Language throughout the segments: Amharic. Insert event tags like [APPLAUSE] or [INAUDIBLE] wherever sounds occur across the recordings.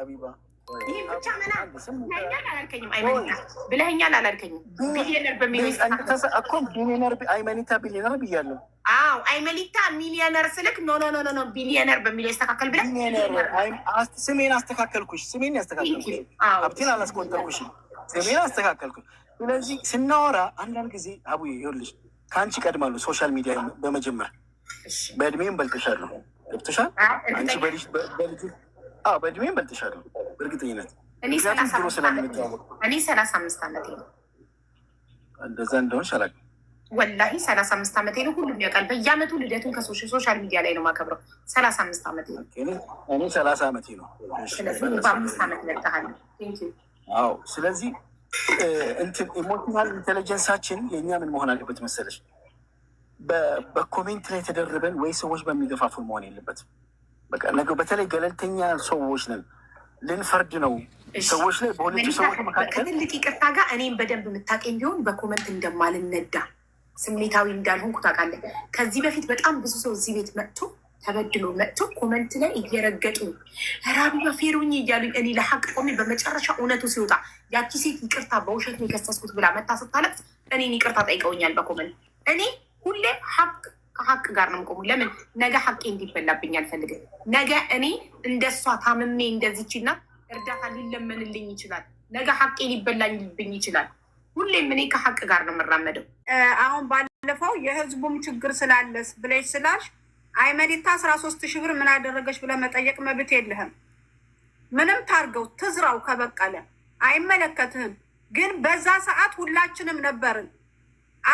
ሀቢባ ይህ ብቻ መና ብለኸኛል አላልከኝም? አይመኒታ ብለኸኛል አላልከኝም? ቢሊዮነር አይመኒታ ቢሊዮነር ብያለሁ። አዎ አይመኒታ ሚሊዮነር ስልክ ኖ ኖ ኖ ኖ ቢሊዮነር በሚለው ያስተካከል ብለህ ስሜን አስተካከልኩሽ። ስሜን ያስተካከልኩሽ፣ ሀብቴን አላስቆጠርኩሽ፣ ስሜን አስተካከልኩሽ። ስለዚህ ስናወራ አንዳንድ ጊዜ አቡዬ ይኸውልሽ ከአንቺ እቀድማለሁ። ሶሻል ሚዲያ በመጀመር በእድሜም በልጥሻለሁ። ገብቶሻል አንቺ በእድሜ በልጥሻለሁ እርግጠኝነት። እኔ ሰላሳ አምስት ዓመቴ ነው። እንደዛ እንደሆን አላውቅም። ወላሂ ሰላሳ አምስት ዓመቴ ነው። ሁሉም ያውቃል። በየአመቱ ልደቱን ከሶሻል ሚዲያ ላይ ነው ማከብረው። ሰላሳ አምስት ዓመቴ ነው። እኔ ሰላሳ ዓመቴ ነው። በአምስት ዓመት መጣሃል። አዎ። ስለዚህ ኢሞሽናል ኢንቴሊጀንሳችን የእኛ ምን መሆን አለበት መሰለች፣ በኮሜንት ላይ ተደርበን ወይ ሰዎች በሚገፋፉን መሆን የለበትም። በቃ ነገ በተለይ ገለልተኛ ሰዎች ነን ልንፈርድ ነው ሰዎች ላይ በሁለቱ ሰዎች መካከል ከትልቅ ይቅርታ ጋር እኔም በደንብ የምታውቀኝ ቢሆን በኮመንት እንደማልነዳ ስሜታዊ እንዳልሆንኩ ታውቃለህ። ከዚህ በፊት በጣም ብዙ ሰው እዚህ ቤት መጥቶ ተበድሎ መጥቶ ኮመንት ላይ እየረገጡ ራቢ ፌሩኝ እያሉኝ እኔ ለሀቅ ቆሜ በመጨረሻ እውነቱ ሲወጣ ያቺ ሴት ይቅርታ በውሸት የከሰስኩት ብላ መታ ስታለቅስ እኔን ይቅርታ ጠይቀውኛል በኮመንት እኔ ሁሌ ሀቅ ከሀቅ ጋር ነው የምቆሙ። ለምን ነገ ሀቄ እንዲበላብኝ አልፈልግም። ነገ እኔ እንደሷ ታምሜ እንደዚችና እርዳታ ሊለመንልኝ ይችላል። ነገ ሀቄ ሊበላኝብኝ ይችላል። ሁሌም እኔ ከሀቅ ጋር ነው የምራመደው። አሁን ባለፈው የህዝቡም ችግር ስላለስ ብለሽ ስላሽ አይመዲታ አስራ ሶስት ሺህ ብር ምን አደረገች ብለ መጠየቅ መብት የለህም። ምንም ታርገው ትዝራው ከበቀለ አይመለከትህም። ግን በዛ ሰዓት ሁላችንም ነበርን።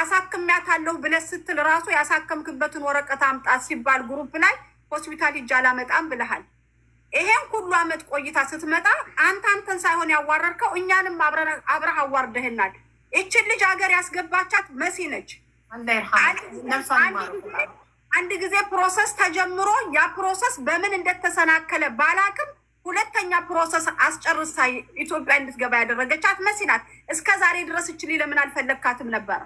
አሳክሚያታለሁ ብለህ ስትል ራሱ ያሳከምክበትን ወረቀት አምጣ ሲባል ግሩፕ ላይ ሆስፒታል ሂጅ አላመጣም ብለሃል። ይሄን ሁሉ አመት ቆይታ ስትመጣ አንተ አንተን ሳይሆን ያዋረድከው እኛንም አብረህ አዋርደህናል። ይችን ልጅ ሀገር ያስገባቻት መሲ ነች። አንድ ጊዜ ፕሮሰስ ተጀምሮ ያ ፕሮሰስ በምን እንደተሰናከለ ባላቅም ሁለተኛ ፕሮሰስ አስጨርሳ ኢትዮጵያ እንድትገባ ያደረገቻት መሲ ናት። እስከ ዛሬ ድረስ እችል ለምን አልፈለግካትም ነበረ?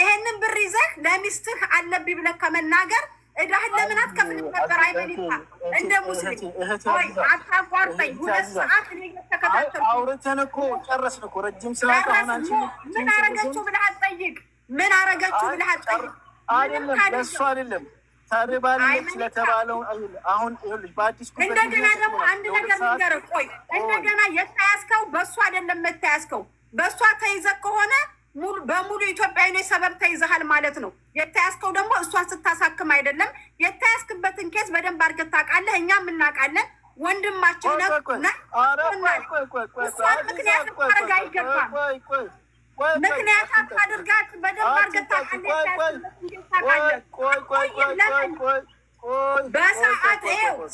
ይሄንን ብር ይዘህ ለሚስትህ አለብኝ ብለህ ከመናገር እዳህን ለምን አትከፍልም ነበር? አይመኒታ እንደ ሙስሊም ወይ አታቋርጠኝ። ሁለት ሰዓት እየተከታተልኩ አውርተን እኮ ጨረስን እኮ ረጅም ሰዓት። ምን አረገችው ብለህ አትጠይቅ። ምን አረገችው ብለህ አትጠይቅ። አይደለም ለእሱ አይደለም ታሪባለች ለተባለው አሁን በአዲስ እንደገና ደግሞ አንድ ነገር ንገር። ቆይ እንደገና የተያዝከው በእሱ አይደለም። የተያዝከው በእሷ ተይዘህ ከሆነ ሙሉ በሙሉ ኢትዮጵያዊ ሰበብ ተይዘሃል ማለት ነው። የተያዝከው ደግሞ እሷን ስታሳክም አይደለም። የተያዝክበትን ኬስ በደንብ አድርገህ ታውቃለህ፣ እኛ የምናውቃለን። ወንድማችን ምክንያት ታደርግ አይገባም። ምክንያት አታድርጋት። በደንብ አድርገህ ታውቃለህ። በሰዓት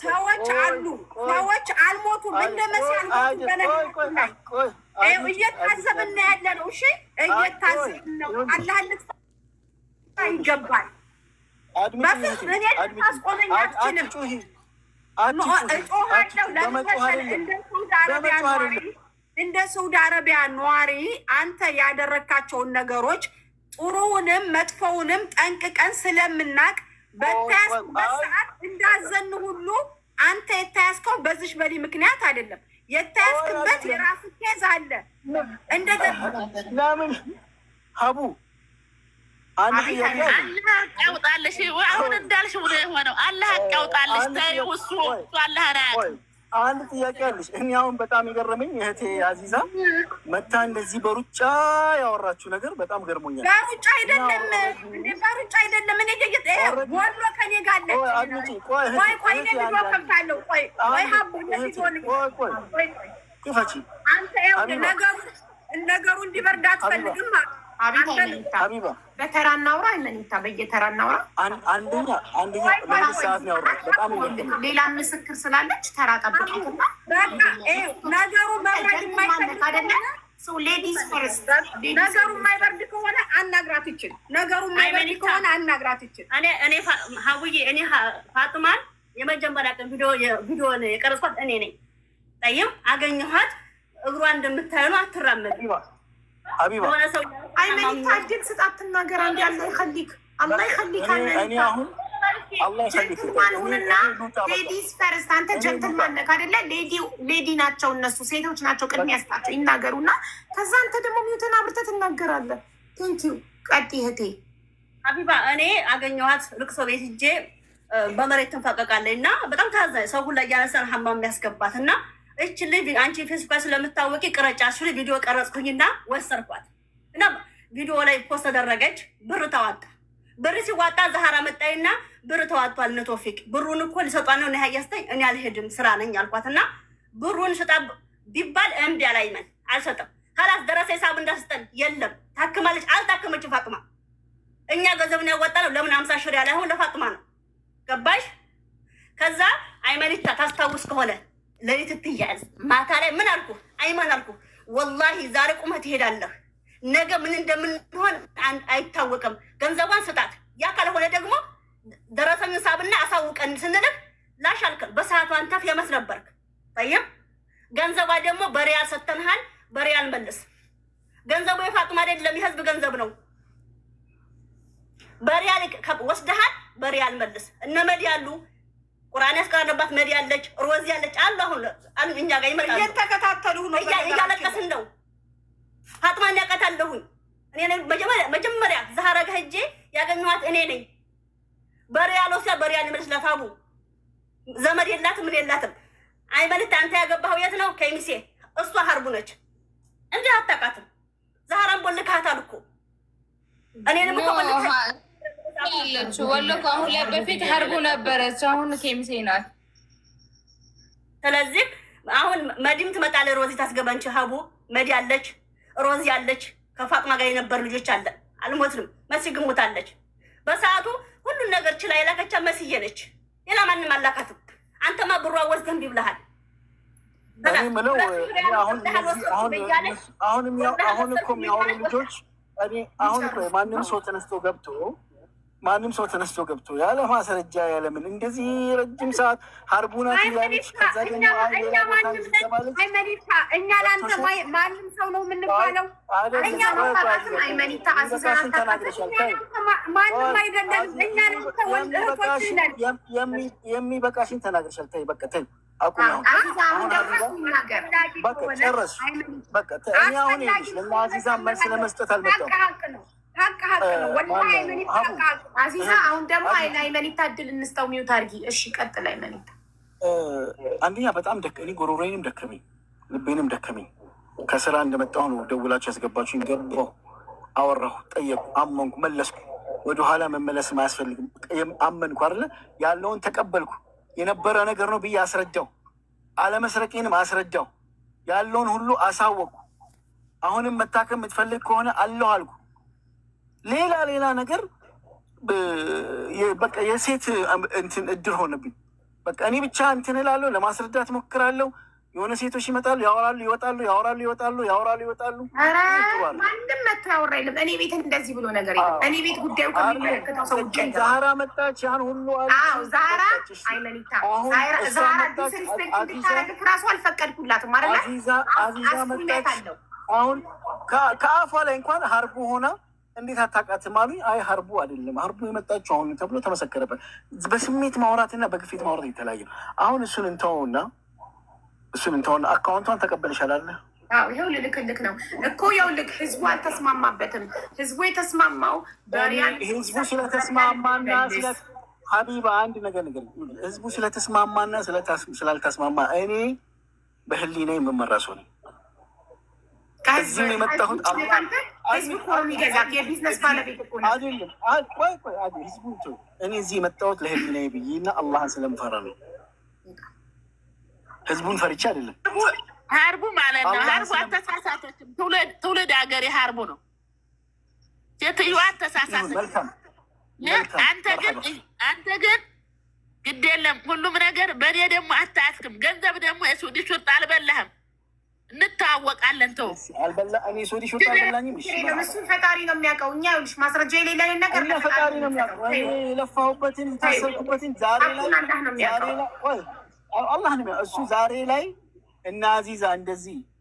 ሰዎች አሉ፣ ሰዎች አልሞቱም። እንደመሲ አልሞቱም። እየታዘብን ነው ያለ ነው። እሺ እየታዘብን ነው። አላህን ይገባል። አረቢያ ነዋሪ እንደ ሳውዲ አረቢያ ነዋሪ አንተ ያደረካቸውን ነገሮች ጥሩውንም መጥፎውንም ጠንቅቀን ስለምናቅ በተያዝኩበት ሰዓት እንዳዘን ሁሉ አንተ የተያዝከው በዚሽ በሊ ምክንያት አይደለም። የተያዝክበት የራሱ ኬዝ አለ። እንደገና ለምን አቡ አንድ ያውጣልሽ። አሁን እንዳልሽ የሆነው አላህ ያውጣልሽ። ተይው እሱ አላህ ናያቅ አንድ ጥያቄ አለሽ። እኔ አሁን በጣም የገረመኝ እህቴ አዚዛ መታ እንደዚህ በሩጫ ያወራችው ነገር በጣም ገርሞኛል። በሩጫ አይደለም፣ በሩጫ አይደለም። እኔ ወሎ ከኔ ጋር አለች። ቆይ ቆይ ከብታለሁ። ቆይ ቆይ ሀቡ ክፈቺ። አንተ ነገሩ እንዲበርዳ አትፈልግም አቤት በተራ እናውራ። አይመኒታ በየተራ እናውራ። አንደኛ አንደኛ ለአንድ ሰዓት ያውራ። በጣም ሌላ ምስክር ስላለች ተራ ጠብቁትና ነገሩ መብረድ የማይፈልግ ሌዲስ ፈርስት። ነገሩ የማይበርድ ከሆነ አናግራት ይችል ነገሩ የማይበርድ ከሆነ አናግራት ይችል እኔ ሀውዬ እኔ ፋጥማን የመጀመሪያ ቀን ቪዲዮን የቀረጽኳት እኔ ነኝ። ጠይም አገኘኋት እግሯ እንደምታዩ ነው። አትራመድ ሆነ ሰው አይመኒታ እድል ስጥ፣ አትናገር። አንድ አላህ ይኸሊክ፣ አላህ ይኸሊክ። ጀንትልማን ሁንና ሌዲስ ፈርስት። አንተ ጀንትልማን ነህ አይደለ? ሌዲ ናቸው እነሱ፣ ሴቶች ናቸው። ቅድሚያ ስጣቸው፣ ይናገሩና ከዛ አንተ ደግሞ ሚውትን አብርተህ ትናገራለህ። ቴንኪው። ቀጥይ እህቴ ሀቢባ። እኔ አገኘኋት ልቅሶ ቤት ሂጄ በመሬት ትንፈቀቃለች እና በጣም ታዛኝ ሰው ሁላ እያነሳን ሀማም የሚያስገባት እና እች ልጅ አንቺ ፌስቡክ ስለምታወቂ ቅረጫ ሽ ቪዲዮ ቀረጽኩኝና ወሰርኳት እና ቪዲዮ ላይ ፖስት ተደረገች። ብር ተዋጣ። ብር ሲዋጣ ዛሃራ መጣይና ብር ተዋጥቷል፣ ነቶፊቅ ብሩን እኮ ሊሰጧን ነው ያስተኝ እኔ አልሄድም ስራ ነኝ አልኳትና ብሩን ስጣ ቢባል እምቢ አላይመን አልሰጥም። ሀላስ ደረሰ ሂሳብ እንዳስጠን የለም። ታክማለች አልታከመችም። ፋጥማ እኛ ገንዘብን ያዋጣ ነው ለምን አምሳ ሽር ያለ አሁን ለፋጥማ ነው ገባሽ? ከዛ አይመኒታ ታስታውስ ከሆነ ለሊት ትያዝ ማታ ላይ ምን አልኩ አይመን አልኩ፣ ወላሂ ዛሬ ቁመት ይሄዳለህ ነገ ምን እንደምንሆን አይታወቅም። ገንዘቧን ስጣት። ያ ካልሆነ ደግሞ ደረሰኙን ሳብና አሳውቀን ስንልክ ላሽ በሰዓቱ አንተፍ የመስ ነበርክ። ይም ገንዘቧ ደግሞ በሪያል ሰተንሃል። በሪያል መልስ። ገንዘቡ የፋጡማ አይደለም፣ የህዝብ ገንዘብ ነው። በሪያል ወስደሃል። በሪያል መልስ። እነ መድ ያሉ ቁርአን ያስቀራለባት መድ ያለች ሮዚ ያለች አሉ። አሁን እኛ ጋር ይመጣሉ። እየተከታተሉ ነው። እያለቀስን ነው ፋጥማን ያውቃታለሁኝ። መጀመሪያ ዛህራ ጋ ያገኘኋት እኔ ነኝ። በሪያል ወስዳ በሪያል ይመልስላት። አቡ ዘመድ የላትም ምን የላትም። አይ መልት አንተ ያገባኸው የት ነው? ከሚሴ እሷ ሀርቡ ነች። እንዲህ አታውቃትም። ዛህራን ቦልካታል እኮ እኔንም ያለችው ወሎ አሁን ላይ በፊት ሀርቡ ነበረች፣ አሁን ኬሚሴ ናት። ስለዚህ አሁን መዲም ትመጣለች፣ ሮዚ ታስገባንች። ሀቡ መዲ አለች። ሮዚ አለች፣ ከፋጥማ ጋር የነበር ልጆች አለ አልሞትንም። መሲ ግሙት አለች። በሰዓቱ ሁሉን ነገር ችላ የላከቻ መስዬ ነች። ሌላ ማንም አላካትም። አንተማ ብሯ ወስደህ እምቢ ብለሃል። አሁን እኮ የሚያወሩ ልጆች አሁን ማንም ሰው ተነስቶ ገብቶ ማንም ሰው ተነስቶ ገብቶ ያለ ማስረጃ ያለምን እንደዚህ ረጅም ሰዓት ሀርቡና ትላለች። ከዛ እኛ ለአንተ ማንም ሰው ነው በቃ ተይ። አሁን መልስ ለማዚዛ መልስ ለመስጠት አልመጣም ሀቅ ሀቅ ነው። ወላሂ መኒታ አዚዛ፣ አሁን ደግሞ ላይ እድል እንስጠው። ሚዩት አድርጊ። እሺ ቀጥላይ መኒታ። አንደኛ በጣም ደከመኝ፣ ጎሮሮዬንም ደከመኝ፣ ልቤንም ደከመኝ። ከስራ እንደመጣሁ ነው ደውላችሁ ያስገባችሁኝ። ገባሁ፣ አወራሁ፣ ጠየቁ፣ አመንኩ፣ መለስኩ። ወደኋላ መመለስ አያስፈልግም። አመንኩ አይደለ ያለውን ተቀበልኩ። የነበረ ነገር ነው ብዬ አስረዳው፣ አለመስረቄንም አስረዳው። ያለውን ሁሉ አሳወቅኩ። አሁንም መታከም የምትፈልግ ከሆነ አለሁ አልኩ። ሌላ ሌላ ነገር በቃ የሴት እንትን እድር ሆነብኝ። በቃ እኔ ብቻ እንትን እላለሁ፣ ለማስረዳት ሞክራለሁ። የሆነ ሴቶች ይመጣሉ፣ ያወራሉ፣ ይወጣሉ፣ ያወራሉ፣ ይወጣሉ፣ ያወራሉ፣ ይወጣሉ። ማንም መጥቶ ያወራ የለም። እኔ ቤት እንደዚህ ብሎ ነገር የለም። እኔ ቤት ጉዳዩ ከሚመለከተው ሰው ዛራ መጣች፣ ያን ሁሉ ዛራ አይመኒታ ዛራ ዲስሪስፔክት እንድታረግ ራሱ አልፈቀድኩላትም። አረላ አዚዛ መጣች። አሁን ከአፏ ላይ እንኳን ሀርጉ ሆና እንዴት አታውቃትም አሉኝ። አይ ሀርቡ አይደለም ሀርቡ የመጣችው አሁን ተብሎ ተመሰከረበት። በስሜት ማውራትና በግፊት ማውራት የተለያየ ነው። አሁን እሱን እንተውና እሱን እንተውና አካውንቷን ተቀበልሻል ይኸው ልልክ ልክ ነው እኮ ያው ልክ ህዝቡ አልተስማማበትም። ህዝቡ የተስማማው ህዝቡ ስለተስማማና ሀቢባ አንድ ነገር ነገር ህዝቡ ስለተስማማና ስላልተስማማ እኔ በህሊና የምመራ ሰው ነኝ። ከህዝብ የመጣሁት። ህዝብ እኮ የሚገዛት የቢዝነስ ባለቤት እኮ ነው። ህዝቡ እኔ እዚህ የመጣሁት ለህሊናዬ ብዬ እና አላህን ስለምፈራ ነው። ህዝቡን ፈርቼ አይደለም። ሀርቡ ማለት ነው። ሀርቡ አተሳሳቶችም ትውልድ ሀገር የሀርቡ ነው። ሴትዮ አተሳሳት። አንተ ግን አንተ ግን ግድ የለም ሁሉም ነገር በእኔ ደግሞ አታያስክም። ገንዘብ ደግሞ የሱዲ ሹርጥ አልበላህም እንተዋወቃለን። ተው እሱን ፈጣሪ ነው የሚያውቀው። እኛ ይኸውልሽ ማስረጃ የሌለን ነገር ፈጣሪ ነው የሚያውቀው። የለፋሁበትን የታሰርኩበትን ዛሬ ላይ አላህ ነው እሱ ዛሬ ላይ እና አዚዛ እንደዚህ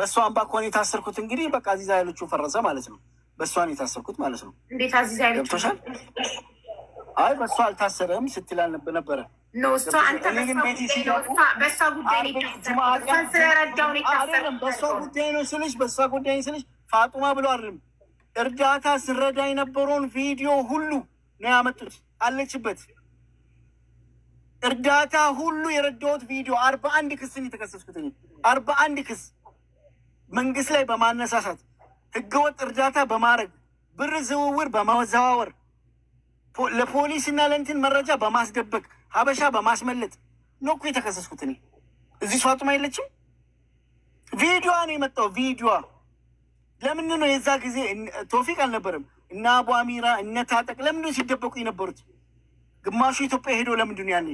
በእሷ አምባኮን የታሰርኩት እንግዲህ በቃ አዚዛ ኃይሎቹ ፈረሰ ማለት ነው። በእሷን የታሰርኩት ማለት ነው። እንዴት አዚዛ ኃይሎቹ አይ በእሷ አልታሰረም ስትል ነበረ። በእሷ ጉዳይ ነው ስልሽ፣ በእሷ ጉዳይ ስልሽ ፋጡማ ብሎ አይደለም እርዳታ ስረዳ የነበረውን ቪዲዮ ሁሉ ነው ያመጡት። አለችበት እርዳታ ሁሉ የረዳሁት ቪዲዮ አርባ አንድ ክስ የተከሰስኩት አርባ አንድ ክስ መንግስት ላይ በማነሳሳት ህገወጥ እርዳታ በማድረግ ብር ዝውውር በማዘዋወር ለፖሊስና ለእንትን መረጃ በማስደበቅ ሀበሻ በማስመለጥ ነው እኮ የተከሰስኩት እኔ። እዚህ ፋጡማ የለችም። ቪዲዮዋ ነው የመጣው። ቪዲዮዋ ለምን ነው የዛ ጊዜ ቶፊቅ አልነበረም እና አቡ አሚራ እነ ታጠቅ ሲደበቁ የነበሩት? ግማሹ ኢትዮጵያ ሄዶ ለምንድን ያኔ?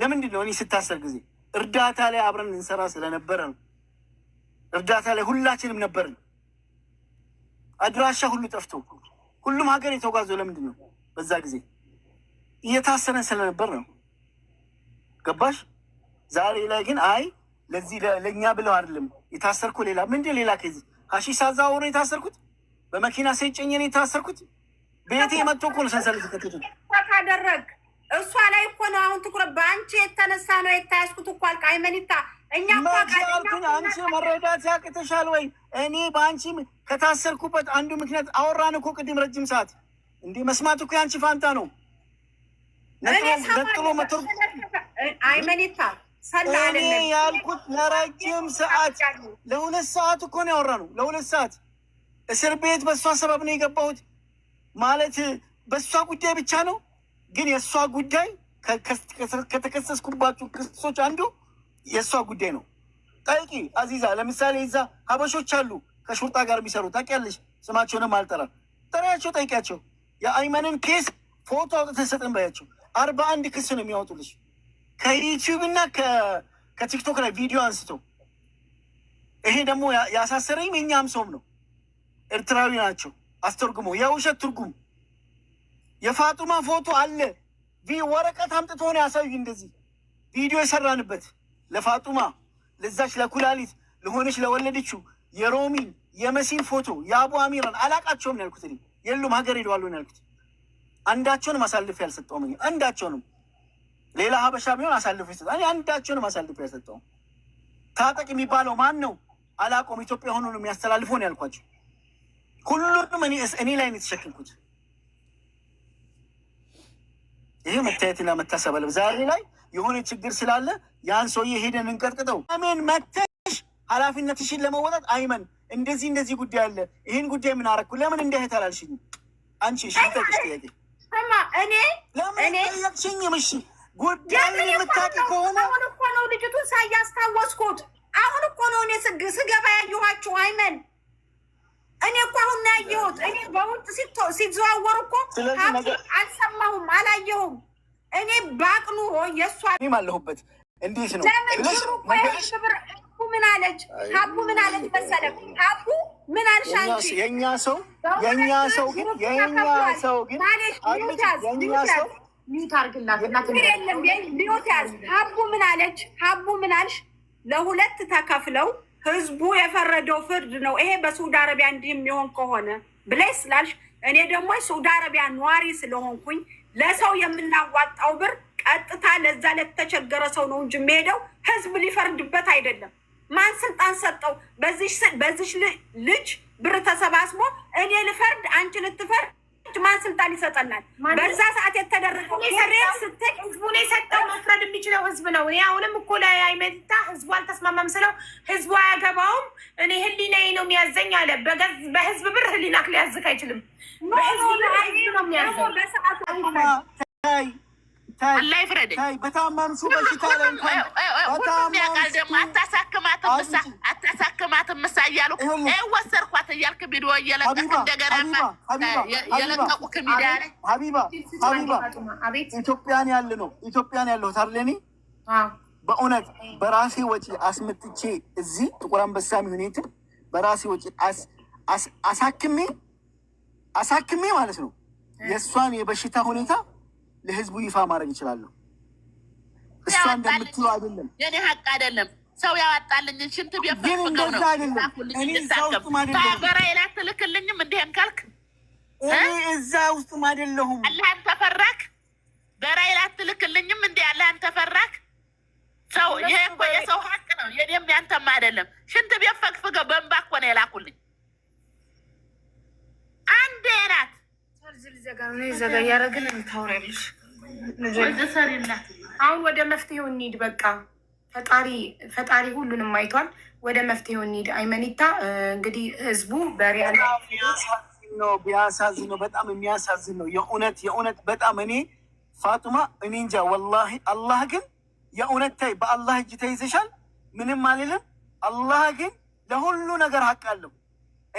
ለምንድን ነው እኔ ስታሰር ጊዜ እርዳታ ላይ አብረን እንሰራ ስለነበረ ነው። እርዳታ ላይ ሁላችንም ነበርን። አድራሻ ሁሉ ጠፍቶ ሁሉም ሀገር የተጓዘው ለምንድን ነው? በዛ ጊዜ እየታሰረን ስለነበር ነው። ገባሽ? ዛሬ ላይ ግን አይ ለዚህ ለእኛ ብለው አይደለም የታሰርኩ። ሌላ ምንድን ሌላ ከዚህ ሀሺሽ ሳዛወሩ የታሰርኩት በመኪና ሴጨኝ ነው የታሰርኩት። ቤቴ መጥቶ እኮ ሰንሰለት ከተቱት ካደረግ እሷ ላይ እኮ ነው አሁን ትኩረት በአንቺ የተነሳ ነው የታያስኩት እኮ አልቃ አይመኒታ እኛልኩኝ አንቺ መረዳት ያቅተሻል ወይ? እኔ በአንቺ ከታሰርኩበት አንዱ ምክንያት አወራን እኮ ቅድም ረጅም ሰዓት። እንደ መስማት እኮ የአንቺ ፋንታ ነው። ነጥሎ መተር አይመኔታ እኔ ያልኩት ለረጅም ሰዓት ለሁለት ሰዓት እኮ ነው ያወራነው። ለሁለት ሰዓት እስር ቤት በእሷ ሰበብ ነው የገባሁት ማለት በእሷ ጉዳይ ብቻ ነው። ግን የእሷ ጉዳይ ከተከሰስኩባችሁ ክሶች አንዱ የእሷ ጉዳይ ነው። ጠይቂ አዚዛ። ለምሳሌ ይዛ ሀበሾች አሉ ከሹርጣ ጋር የሚሰሩ ታውቂያለሽ። ስማቸውንም አልጠራም። ጠሪያቸው፣ ጠይቂያቸው። የአይመንን ኬስ ፎቶ አውጥተህ ሰጠን ባያቸው። አርባ አንድ ክስ ነው የሚያወጡልሽ ከዩቲዩብ እና ከቲክቶክ ላይ ቪዲዮ አንስተው። ይሄ ደግሞ ያሳሰረኝ የኛም ሰውም ነው፣ ኤርትራዊ ናቸው። አስተርጉሞ የውሸት ትርጉም የፋጡማ ፎቶ አለ ወረቀት አምጥቶ ሆነ ያሳዩ እንደዚህ ቪዲዮ የሰራንበት ለፋጡማ ለዛች ለኩላሊት ለሆነች ለወለደችው የሮሚን የመሲን ፎቶ የአቡ አሚራን አላቃቸውም ነው ያልኩት። የሉም ሀገር ሄደዋሉ ነው ያልኩት። አንዳቸውንም አሳልፌ ያልሰጠውም እኔ አንዳቸውንም። ሌላ ሀበሻ ቢሆን አሳልፎ ይሰጣል። እኔ አንዳቸውንም አሳልፌ ያልሰጠውም። ታጠቅ የሚባለው ማን ነው? አላቆም ኢትዮጵያ ሆኖ ነው የሚያስተላልፈው ነው ያልኳቸው። ሁሉንም እኔ ላይ ነው የተሸክምኩት። ይህ መታየትና መታሰብ አለበት ዛሬ ላይ የሆነ ችግር ስላለ ያን ሰውዬ ሄደን እንቀጥቅጠው። አሜን መተሽ ኃላፊነትሽን ለመወጣት አይመን እንደዚህ እንደዚህ ጉዳይ አለ፣ ይህን ጉዳይ ምን አረግኩ፣ ለምን እንዲህ ተላልሽኝ? አንቺ ሽጠቅሽ ጥያቄ ለምን ጠየቅሽኝም? እሺ የምታውቂ ከሆነ አሁን እኮ ነው ልጅቱን ሳያስታወስኩት፣ አሁን እኮ ነው እኔ ስገባ ያየኋችሁ አይመን እኔ እኮ አሁን ያየሁት እኔ በውጭ እኮ አልሰማሁም፣ አላየሁም እኔ ባቅኑ ሆኝ የእሷ አለሁበት እንዴት ነው ለምንብር ምን አለች ሀቡ ምን አለች መሰለህ ሀቡ ምን አልሽ የእኛ ሰው የእኛ ሰው ግን የእኛ ሰው ግን የእኛ ሰው ሚዩት ሀቡ ምን አለች ሀቡ ምን አልሽ ለሁለት ተከፍለው ህዝቡ የፈረደው ፍርድ ነው ይሄ በሳውዲ አረቢያ እንዲህ የሚሆን ከሆነ ብለሽ ስላልሽ እኔ ደግሞ የሳውዲ አረቢያ ነዋሪ ስለሆንኩኝ ለሰው የምናዋጣው ብር ቀጥታ ለዛ ለተቸገረ ሰው ነው እንጂ የሚሄደው ህዝብ ሊፈርድበት አይደለም። ማን ስልጣን ሰጠው? በዚሽ ልጅ ብር ተሰባስቦ እኔ ልፈርድ አንቺ ልትፈርድ ማን ስልጣን ይሰጠናል? በዛ ሰዓት የተደረገው ስትል ህዝቡን የሰጠው መፍረድ የሚችለው ህዝብ ነው። እኔ አሁንም እኮ ላይ አይመታ ህዝቡ አልተስማማም ስለው ህዝቡ አያገባውም፣ እኔ ህሊናዬ ነው የሚያዘኝ አለ። በህዝብ ብር ህሊናክ ሊያዝክ አይችልም። በህዝብ ነው የሚያዘኝ አላህ በሽታ ሁሉም ያውቃል። ደግሞ አታሳክማትም እሳ አታሳክማትም እሳ እያሉ ወሰድኳት እያልክ ቪዲዮ እንደገና የለቀቁክ ሚዲያ ላይ ሀቢባ ሀቢባ ኢትዮጵያን ያለ ነው ኢትዮጵያን በእውነት በራሴ ወጪ አስመጥቼ እዚህ ጥቁር አንበሳ በራሴ ወጪ አሳክሜ አሳክሜ ማለት ነው የእሷን የበሽታ ሁኔታ ለህዝቡ ይፋ ማድረግ ይችላሉ። እሷ እንደምትለው አይደለም፣ የኔ ሀቅ አይደለም። ሰው ያወጣልኝ ሽንት ቢፈፍገው ነው ትልክልኝም እንዲህን ካልክ እዛ ውስጥም አይደለሁም። አላህን ተፈራክ። በራይ ላትልክልኝም እንዲ አላህን ተፈራክ። ሰው ይሄ እኮ የሰው ሀቅ ነው። የኔም ያንተም አይደለም። ሽንት ቤት ፈግፍገው በእንባ እኮ ነው የላኩልኝ። ዘጋ እያደረግን ታውሪያለሽ። አሁን ወደ መፍትሄው እንሂድ። በቃ ፈጣሪ ፈጣሪ ሁሉንም አይቷል። ወደ መፍትሄው እንሂድ። አይመኒታ እንግዲህ ህዝቡ በሪያል ነው ቢያሳዝን ነው በጣም የሚያሳዝን ነው። የእውነት የእውነት በጣም እኔ ፋጡማ እኔ እንጃ ወላሂ። አላህ ግን የእውነት ታይ በአላህ እጅ ተይዘሻል። ምንም አልልም። አላህ ግን ለሁሉ ነገር ሀቅ አለው።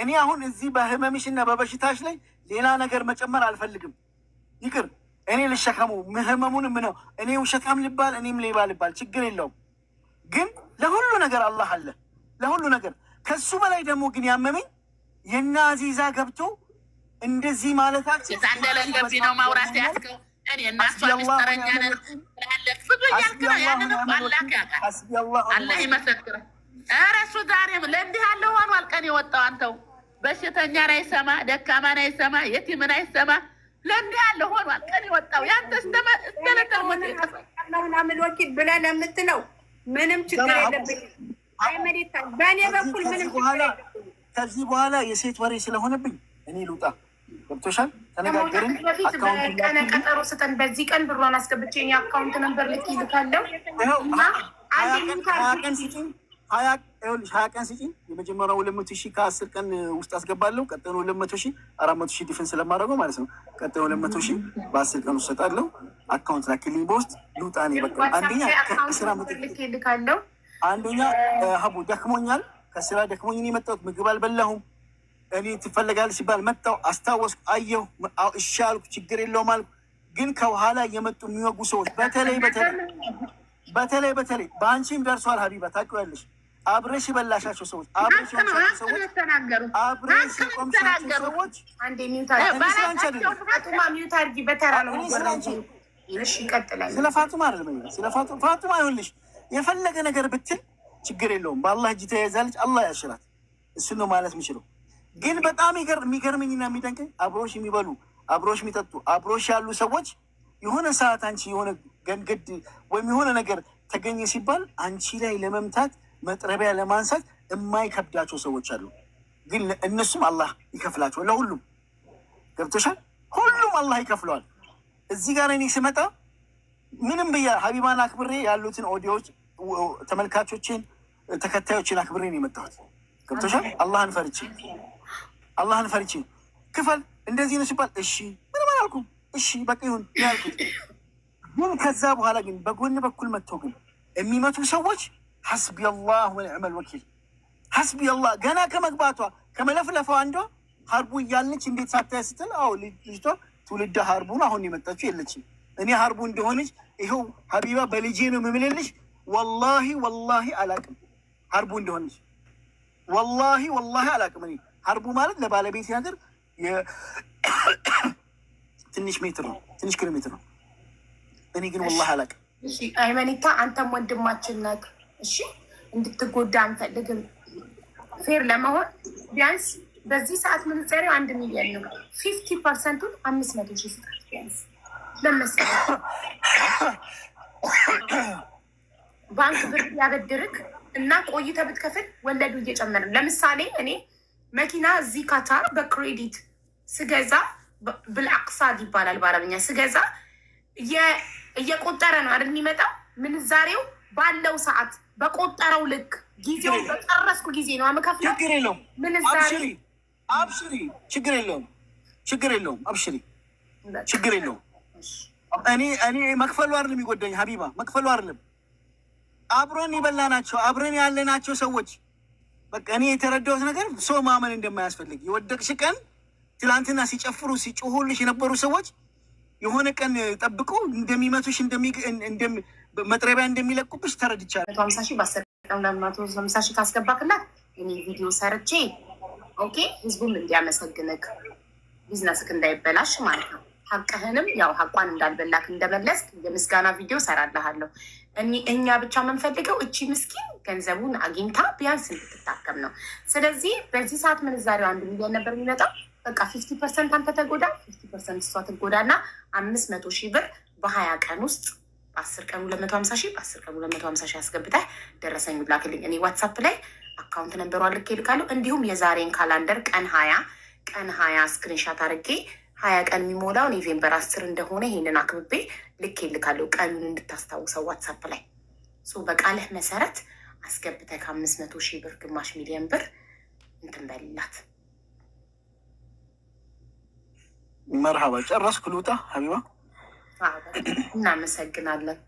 እኔ አሁን እዚህ በህመምሽ እና በበሽታሽ ላይ ሌላ ነገር መጨመር አልፈልግም። ይቅር፣ እኔ ልሸከሙ ምህመሙን ምነው እኔ ውሸታም ልባል እኔም ሌባ ልባል ችግር የለውም። ግን ለሁሉ ነገር አላህ አለ ለሁሉ ነገር። ከሱ በላይ ደግሞ ግን ያመመኝ የእነ አዚዛ ገብቶ እንደዚህ ማለታቸው እንደዚህ ነው ማውራት ያልከው እኔ እና እሷ ነን ትላለህ። ፍቱ እያልክ ነው። ያንን ያውቃል። አላህ ይመሰክረህ። ኧረ እሱ ዛሬ ለእንዲህ ያለው ሆኗል ቀን የወጣው አንተው በሽተኛን አይሰማ፣ ደካማን አይሰማ፣ የቲምን አይሰማ። ለእንዲህ ያለ ሆኗል ቀን የወጣው ያንተ ስተመተሞትቀሳላሁናምሎኪ ብለ ለምትለው ምንም ችግር የለብኝ። በእኔ በኩል ምንም ከዚህ በኋላ የሴት ወሬ ስለሆነብኝ እኔ ልውጣ። ገብቶሻል። ተነጋገርን። ቀነ ቀጠሮ ስተን በዚህ ቀን ብሯን አስገብቼ አካውንት ነበር ልክ ይልካለው ሀያ ቀን ይኸውልሽ ሀያ ቀን ስጪኝ። የመጀመሪያ ሁለት መቶ ሺህ ከአስር ቀን ውስጥ አስገባለሁ። ቀጣዩን ሁለት መቶ ሺህ አራት መቶ ሺህ ዲፈንስ ስለማድረገው ማለት ነው። ቀጣዩን ሁለት መቶ ሺህ በአስር ቀን ውስጥ ሰጣለሁ። አካውንት ላክልኝ በውስጥ ልውጣ እኔ በቃ። አንደኛ ከስራ አንደኛ ሀቡ ደክሞኛል፣ ከስራ ደክሞኝ ነው የመጣሁት። ምግብ አልበላሁም። እኔ ትፈለጋለህ ሲባል መጣሁ፣ አስታወስኩ፣ አየሁ፣ እሺ አልኩ፣ ችግር የለውም አልኩ። ግን ከኋላ የመጡ የሚወጉ ሰዎች በተለይ በተለይ በተለይ በተለይ በአንቺም ደርሷል። ሀቢባ ታውቂያለሽ አብረሽ የበላሻቸው ሰዎች አብረሽ የሆንሻቸው ሰዎች አብረሽ ሰዎች ስለ የፈለገ ነገር ብትል ችግር የለውም። በአላህ እጅ ተያይዛለች። አላህ ያሽራት። እሱ ነው ማለት የምችለው። ግን በጣም የሚገርመኝና የሚደንቀኝ አብሮሽ የሚበሉ አብሮሽ የሚጠጡ አብሮሽ ያሉ ሰዎች የሆነ ሰዓት አንቺ የሆነ ገንገድ ወይም የሆነ ነገር ተገኘ ሲባል አንቺ ላይ ለመምታት መጥረቢያ ለማንሳት የማይከብዳቸው ሰዎች አሉ። ግን እነሱም አላህ ይከፍላቸዋል። ለሁሉም ገብተሻል። ሁሉም አላህ ይከፍለዋል። እዚህ ጋር እኔ ስመጣ ምንም ብያ ሀቢባን አክብሬ ያሉትን ኦዲዮዎች፣ ተመልካቾችን፣ ተከታዮችን አክብሬ ነው የመጣሁት። ገብተሻል። አላህን ፈርቼ አላህን ፈርቼ ክፈል እንደዚህ ነው ሲባል እሺ ምንም አላልኩም። እሺ በቃ ይሁን ያልኩት። ግን ከዛ በኋላ ግን በጎን በኩል መጥተው ግን የሚመቱ ሰዎች ሐስቢ አላህ ወኒዕመል ወኪል ሐስቢ አላህ ገና ከመግባቷ ከመለፍለፏ አንዷ ሀርቡ እያለች እንዴት ሳታይ ስትል፣ አዎ ልጅቷ ትውልደ ሀርቡን አሁን የመጣችው የለችም። እኔ ሀርቡ እንደሆነች ይኸው ሀቢባ በልጄ ነው የምምልልሽ። ወላሂ ወላሂ አላቅም ሀርቡ እንደሆነች ወላሂ ወላሂ አላቅም። እኔ ሀርቡ ማለት ለባለቤት ነገር [COUGHS] ትንሽ ሜትር ነው፣ ትንሽ ኪሎ ሜትር ነው። እኔ ግን ወላሂ አላቅም። አይመኒታ አንተም ወንድማችን ነህ። እሺ እንድትጎዳ አንፈልግም። ፌር ለመሆን ቢያንስ በዚህ ሰዓት ምንዛሬው አንድ ሚሊዮን ነው። ፊፍቲ ፐርሰንቱን አምስት መቶ ሺ ስጣት ቢያንስ ለመሰለ ባንክ ብር ያበድርክ እና ቆይተ ብትከፍል ወለዱ እየጨመረ ለምሳሌ እኔ መኪና እዚህ ካታር በክሬዲት ስገዛ ብልአቅሳድ ይባላል በአረብኛ ስገዛ እየቆጠረ ነው አይደል የሚመጣው ምንዛሬው ባለው ሰዓት በቆጠረው ልክ ጊዜው በጨረስኩ ጊዜ ነው አመካፍለ ችግር የለውም። ምንዛሬ አብሽሪ፣ ችግር የለውም። ችግር የለውም። አብሽሪ፣ ችግር የለውም። እኔ እኔ መክፈሉ አይደለም የሚጎዳኝ፣ ሀቢባ መክፈሉ አይደለም። አብረን የበላ ናቸው አብረን ያለ ናቸው ሰዎች። በቃ እኔ የተረዳሁት ነገር ሰው ማመን እንደማያስፈልግ የወደቅሽ ቀን ትላንትና ሲጨፍሩ ሲጮሁልሽ የነበሩ ሰዎች የሆነ ቀን ጠብቀው እንደሚመቱሽ መጥረቢያ እንደሚለቁብሽ ተረድቻለሁ። ሀምሳ ሺህ በአስር ቀን ለመቶ ሀምሳ ሺህ ካስገባክላት እኔ ቪዲዮ ሰርቼ ኦኬ፣ ህዝቡም እንዲያመሰግንክ ቢዝነስክ እንዳይበላሽ ማለት ነው። ሀቅህንም ያው ሀቋን እንዳልበላክ እንደመለስ የምስጋና ቪዲዮ ሰራልሃለሁ። እኛ ብቻ የምንፈልገው እቺ ምስኪን ገንዘቡን አግኝታ ቢያንስ እንድትታከም ነው። ስለዚህ በዚህ ሰዓት ምንዛሬው አንድ ሚሊዮን ነበር የሚመጣው። በቃ ፊፍቲ ፐርሰንት አንተ ተጎዳ፣ ፊፍቲ ፐርሰንት እሷ ትጎዳ እና አምስት መቶ ሺህ ብር በሀያ ቀን ውስጥ በአስር ቀን ሁለት መቶ ሀምሳ ሺህ በአስር ቀን ሁለት መቶ ሀምሳ ሺህ አስገብተህ ደረሰኝ ላክልኝ። እኔ ዋትሳፕ ላይ አካውንት ነበሯ ልኬ ልካለሁ። እንዲሁም የዛሬን ካላንደር ቀን ሀያ ቀን ሀያ ስክሪንሻት አድርጌ ሀያ ቀን የሚሞላው ኔቬምበር አስር እንደሆነ ይሄንን አክብቤ ልኬ ልካለሁ። ቀኑን እንድታስታውሰው ዋትሳፕ ላይ በቃልህ መሰረት አስገብተህ ከአምስት መቶ ሺህ ብር ግማሽ ሚሊዮን ብር እንትን በልላት። መርሃባ ጨረስኩ፣ ልውጣ ሀቢባ እናመሰግናለን።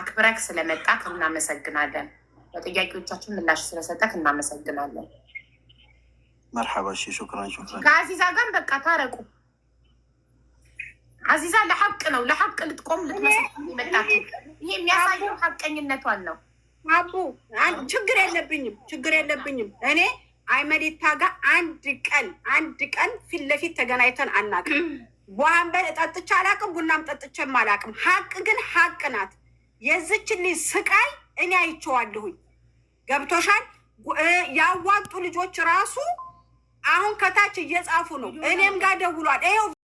አክብረክ ስለመጣክ እናመሰግናለን። ለጥያቄዎቻችን ምላሽ ስለሰጠክ እናመሰግናለን። መርሓባ ሹክራን ሹክራን። ከአዚዛ ጋር በቃ ታረቁ። አዚዛ ለሐቅ ነው ለሐቅ ልትቆም ልትመሰክም መጣት። ይህ የሚያሳየው ሐቀኝነቷን ነው። አቡ ችግር የለብኝም፣ ችግር የለብኝም። እኔ አይመዴታ ጋር አንድ ቀን አንድ ቀን ፊት ለፊት ተገናኝተን አናውቅም። ውሃም ጠጥቼ አላቅም፣ ቡናም ጠጥቼም አላቅም። ሀቅ ግን ሀቅ ናት። የዝችን ስቃይ እኔ አይቼዋለሁኝ። ገብቶሻል? ያዋጡ ልጆች ራሱ አሁን ከታች እየጻፉ ነው። እኔም ጋር ደውሏል።